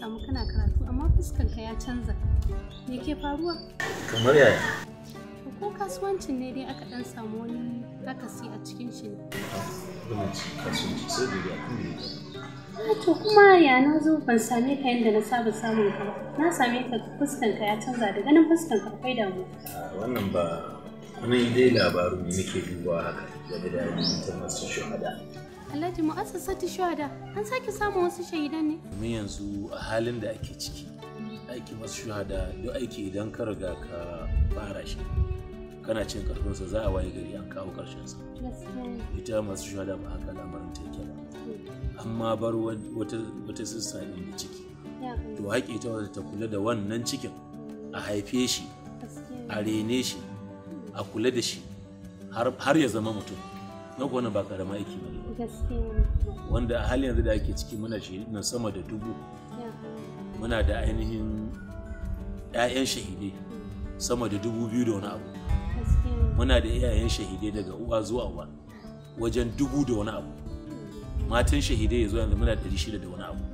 samu kana karatu amma fuskanka ya canza me ke faruwa kamar yaya ko kasuwancin ne dai aka dan samu wani akasi a cikin shi ne kasuwanci da kuma eh, to kuma ya na zo ban same ka yadda na saba samun ka ba na same ka fuskanka ya canza da ganin fuskanka akwai damuwa wannan ba wani dai labaru ne nake dubawa haka game da ta masu shahada Alhaji mu'assasati shuhada an sake samun wasu shahidan ne? Domin yanzu a halin da ake ciki aiki masu shuhada duk aiki idan ka riga ka fara shi kana cin karfinsa za a waye gari an kawo karshensa. Ita masu shuhada ba haka lamarin ta yake ba. Hmm. Amma bar wata wata sissa ne da ciki. To haƙi ta wata ta kula da wannan cikin a hmm. haife shi a rene shi a kula da shi har ya zama mutum. na kuwa ba karama aiki ba wanda a halin yanzu da ake ciki muna na sama da dubu muna da ainihin 'ya'yan shahidi sama da dubu biyu da wani abu muna da iyayen shahidi daga uwa zuwa uwa wajen dubu da wani abu matan shahidi ya zo yanzu muna ɗari shida da wani abu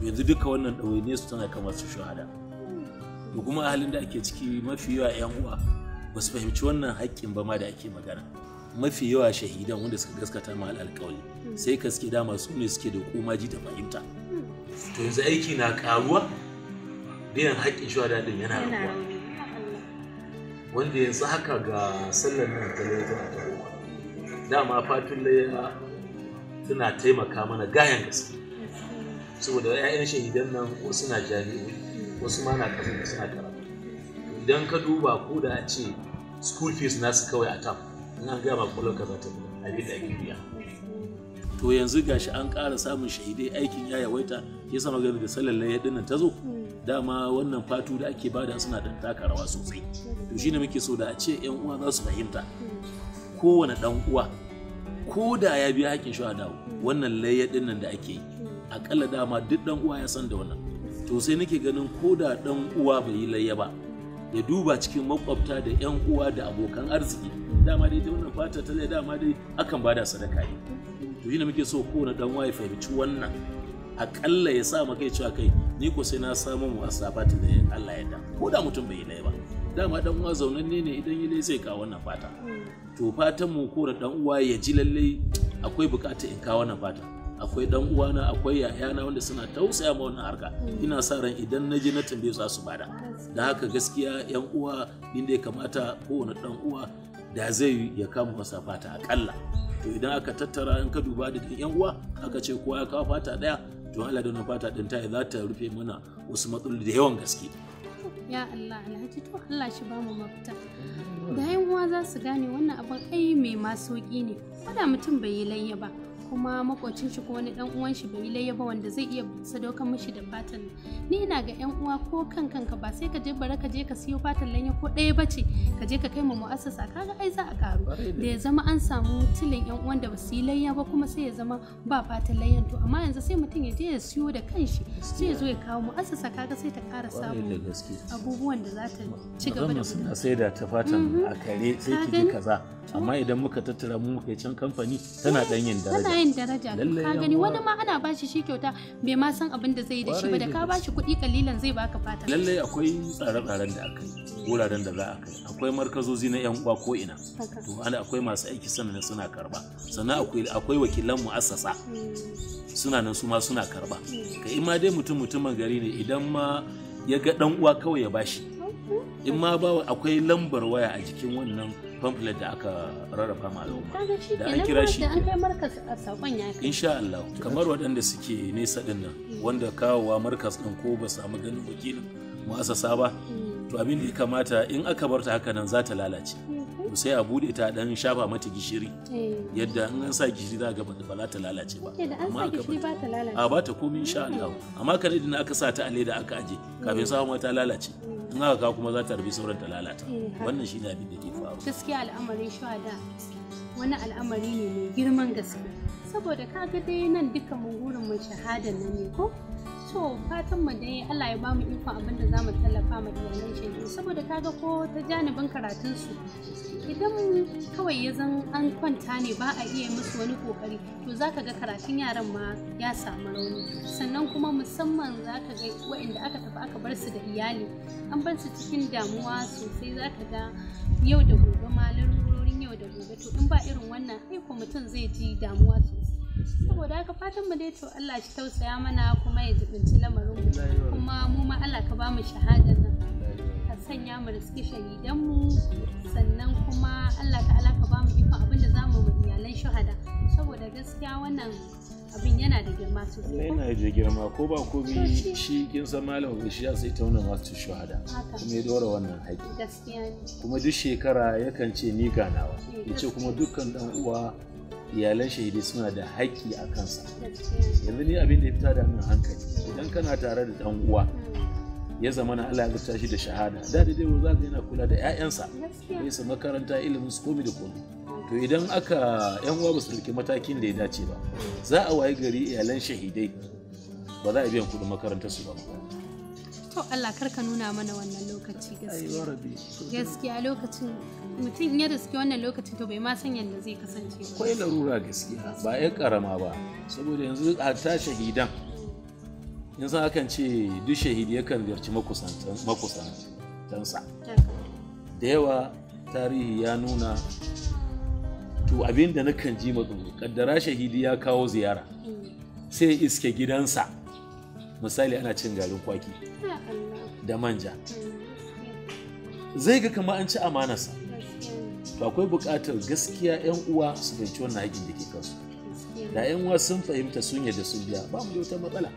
to yanzu duka wannan ne su tana kamar su shahada to kuma a halin da ake ciki mafi yawa 'yan uwa ba su fahimci wannan haƙƙin ba ma da ake magana mafi yawa shahidan wanda suka gaskata ma alƙawari sai kaske dama su ne suke da komaji da fahimta to yanzu aiki na karuwa biyan haƙƙin shuhada din yana raguwa wanda yanzu haka ga sallar nan ta tana ta dama fatun laya tana taimaka mana gayan gaske saboda 'ya'yan shahidan nan wasu na jami'o'i wasu ma na kasance suna karatu idan ka duba ko da a ce school fees nasu kawai a tam ga ba kullum ka biya to yanzu gashi an ƙara samun shahidai aikin ya yawaita ya sama gani da sallallai ya dinnan ta zo dama wannan fatu da ake bada suna dan taka rawa sosai to shine muke so da a ce yan uwa za su fahimta kowane dan uwa ko da ya biya haƙƙin shahada wannan layya dinnan da ake yi akalla dama duk dan uwa ya san da wannan to sai nake ganin ko da dan uwa bai yi layya ba ya duba cikin makwabta da 'yan uwa da abokan arziki dama dai ta wannan fata ta lai dama dai akan bada sadaka ne to yi muke so kowane dan waye fahimci wannan akalla ya sa maka cewa kai ni ko sai na samu mu asabati da Allah ya da ko da mutum bai yi ba dama dan uwa zaunanne ne idan yi zai kawo wannan fata to fatan mu kowane dan uwa ya ji lallai akwai bukatar in kawo wannan fata akwai dan uwana akwai yayana wanda suna tausaya ma wannan harka mm. ina sa ran idan na je na tambaye za su bada da haka gaskiya yan uwa inda ya kamata kowane dan uwa da zai ya kama masa fata akalla to idan aka tattara in ka duba da yan uwa aka ce kowa ya kawo fata daya to Allah da fata din ta za ta rufe mana wasu matsaloli da yawan gaske ya Allah alhaji to Allah shi ba mu mafita da yan uwa za su gane wannan abin ai mai masoki ne kada mutum bai yi layya ba kuma makocin shi ko wani dan uwan shi bai layya ba wanda zai iya sadaukar mishi da fatan ni ina ga yan uwa ko kan kanka ba sai ka je bara ka je ka siyo fatan lanya ko ɗaya bace ka je ka kai mu mu'assasa kaga ai za a karu da ya zama an samu tilin yan uwan da ba su yi layya ba kuma sai ya zama ba fatan lanyan to amma yanzu sai mutum ya je ya siyo da kanshi sai ya zo ya kawo mu'assasa kaga sai ta ƙara samu abubuwan da za ta ci gaba da suna sai da ta fatan mm-hmm. a kare sai ki kaza amma idan muka tattara mu muka can kamfani tana ɗanyen daraja kayan daraja ka gani wani ma ana bashi shi kyauta bai ma san abin da zai yi da shi ba da ka bashi kuɗi kalilan zai baka fata lallai akwai tsare-tsaren da aka yi wuraren da za a kai akwai markazozi na yan uwa ko ina to ana akwai masu aiki sannan suna karba sannan akwai akwai wakilan mu'assasa hmm. suna nan su ma suna karba hmm. ka ima dai mutum mutumin gari ne idan ma ya ga dan uwa kawai ya bashi in ma ba akwai lambar waya a jikin wannan pamphlet da aka rarraba ma al'umma da an kira shi insha Allah kamar waɗanda suke nesa din nan mm. wanda kawowa markas din ko ba samu ganin wakilin mu'assasa ba mm. to abin da ya kamata in aka bar ta haka nan za ta lalace mm-hmm. to sai a bude ta dan shafa mata gishiri eh. yadda an an sa gishiri za ga ba za ta lalace ba amma aka ba ta lalace a ba ta komai insha mm-hmm. Allah amma kan idan aka sa ta a leda aka aje kafin mm. sa ma ta lalace in aka ka kuma za ta rabi sauran ta lalata eh, wannan shine abin da ke gaskiya al'amarin shuhada wani al'amari ne mai girman gaske saboda kaga dai nan duka mun gurin mu shahada nan ne ko to fatan mu dai Allah ya bamu iko abin da zamu tallafa ma iyalan shi saboda kaga ko ta janibin karatun su idan kawai ya zan an kwanta ne ba a iya musu wani kokari to zaka ga karatun yaran ma ya samu rauni sannan kuma musamman zaka ga waɗanda aka tafi aka bar su da iyali an bar su cikin damuwa sosai zaka ga yau da gobe ma larurorin yau da gobe to in ba irin wannan aiko mutum zai ji damuwa sosai saboda haka fatan mu dai to Allah shi tausaya mana kuma ya jibinci lamarin mu kuma mu ma Allah ka ba mu shahadar nan ka sanya mu riski shahidan mu sannan kuma Allah ta'ala ka ba mu iko abin da zamu mu iyalan shahada saboda gaskiya wannan abin yana da girma sosai yana da girma ko ba ko bi shi kin san malam ba shi ya sai tauna masu shahada kuma ya dora wannan haƙi gaskiya kuma duk shekara yakan ce ni ganawa eh, yace kuma dukkan dan uwa iyalan shahidi suna da haƙƙi a kansa yanzu ni abin da ya fita da min hankali idan kana tare da dan uwa ya zama na Allah ya shi da shahada da da dai za ka yana kula da ƴaƴansa bai su makaranta ilimin su komi da komi to idan aka yan uwa ba su ɗauki matakin da ya dace ba za a wayi gari iyalan shahidai ba za a biyan kuɗin makarantar su ba to Allah kar ka nuna mana wannan lokaci gaskiya gaskiya lokacin mutum ya riski wannan lokacin to bai ma san yadda zai kasance ba akwai larura gaskiya ba ya karama ba saboda yanzu hatta shahidan yanzu akan ce duk shahidi yakan ziyarci makusantansa da yawa tarihi ya nuna to abin da nakan ji matsoro kaddara shahidi ya kawo ziyara mm. sai iske gidansa misali ana cin garin kwaki da manja zai ga kama an ci amanasa. to akwai buƙatar gaskiya 'yan uwa su fahimci wannan haƙin da ke kansu da 'yan uwa sun fahimta sun yadda sun biya ba mu da wata matsala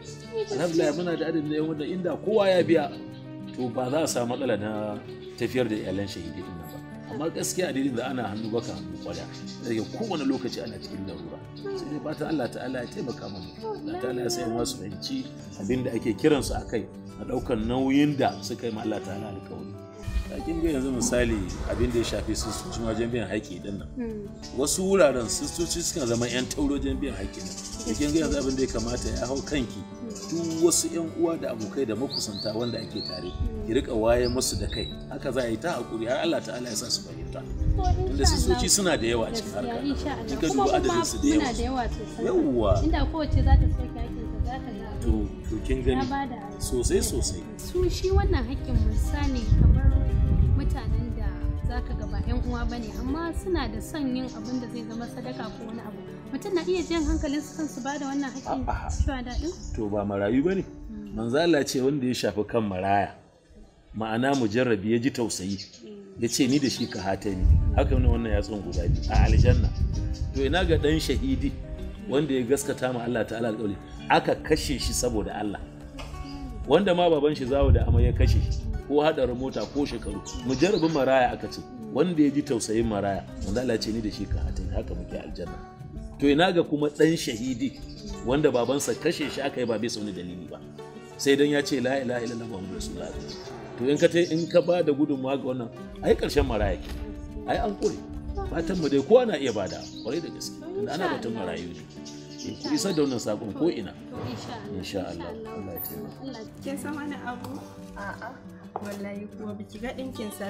alhamdulillah muna da adadin 'yan wanda inda kowa ya biya to ba za a samu matsala na tafiyar da iyalan shahidi ɗin amma gaskiya addinin da ana hannu baka hannu kwada daga kowane lokaci ana cikin larura sai dai fatan Allah ta'ala ya taimaka mana Allah ta'ala ya sayan wasu fahimci abinda ake kiransu a kai a daukan nauyin da suka yi ma Allah ta'ala alƙawari kin ga yanzu misali abin da ya shafi sistoci wajen biyan haƙƙi din nan hmm. wasu wuraren sistoci sukan zama 'yan tauro biyan haƙƙi nan kin ga yanzu abin da ya kamata ya hau kanki duk wasu 'yan uwa da abokai da makusanta wanda ake tare ki rika waye musu da kai haka za a yi ta hakuri har Allah ta'ala ya sa su fahimta tunda soci suna da yawa cikin harka kika duba adadin su da yawa yawa inda kowace za ta soki ake za ta ga to to kin gani sosai sosai su shi wannan haƙƙin misali kamar mutanen da zaka ga ba 'yan uwa bane amma suna da son yin abin da zai zama sadaka ko wani abu mutum na iya jan hankalin su kansu ba da wannan haƙƙin cewa daɗin to ba marayu ba ne mm. Manzala ce wanda ya shafi kan maraya ma'ana mu mujarrabi ya ji tausayi mm. ya ce ni da shi ka hata ni haka ne wannan yatsun guda biyu a aljanna to ina ga ɗan shahidi wanda ya gaskata ma Allah ta'ala alƙawari aka kashe shi saboda Allah wanda ma baban shi zawo da amai ya kashe shi ko haɗarin mota ko shekaru Mu mujarrabin maraya aka ce wanda ya ji tausayin maraya wanda Allah ce ni da shi ka hata ni haka muke aljanna to ina ga kuma ɗan shahidi wanda babansa kashe shi aka yi ba bisa wani dalili ba sai dan ya ce la ilaha illallah muhammadu rasulullah to in ka in ka ba da gudunmawa ga wannan ai karshen maraya ke ai an kure fatan mu dai kowa na iya bada kwarai da gaske tunda ana batun marayu ne eh, ku isa da wannan sakon ko ina insha Allah Allah ya kin san wani abu a'a wallahi biki ga dinkin ba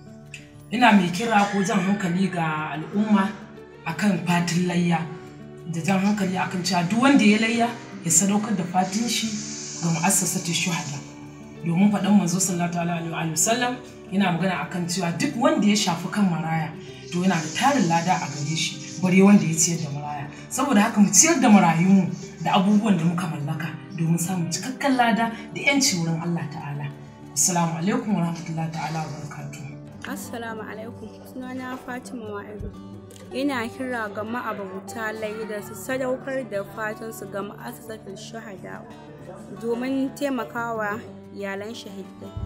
ina mai kira ko jan hankali ga al'umma akan fatin layya da jan hankali akan cewa duk wanda ya layya ya sadaukar da fatin shi ga mu'assasatu shuhada domin faɗan manzo sallallahu alaihi wa sallam yana magana akan cewa duk wanda ya shafi kan maraya to yana da tarin lada a gare shi bari wanda ya ciyar da maraya saboda haka mu ciyar da marayunmu da abubuwan da muka mallaka domin samun cikakken lada da 'yanci wurin Allah ta'ala assalamu alaikum wa rahmatullahi ta'ala wa Assalamu alaikum sunana Fatima Wa'idu ina kira ga ma'abuta laida su sadaukar da fatan su ga ma'asasatul shahada domin taimakawa iyalan shahidai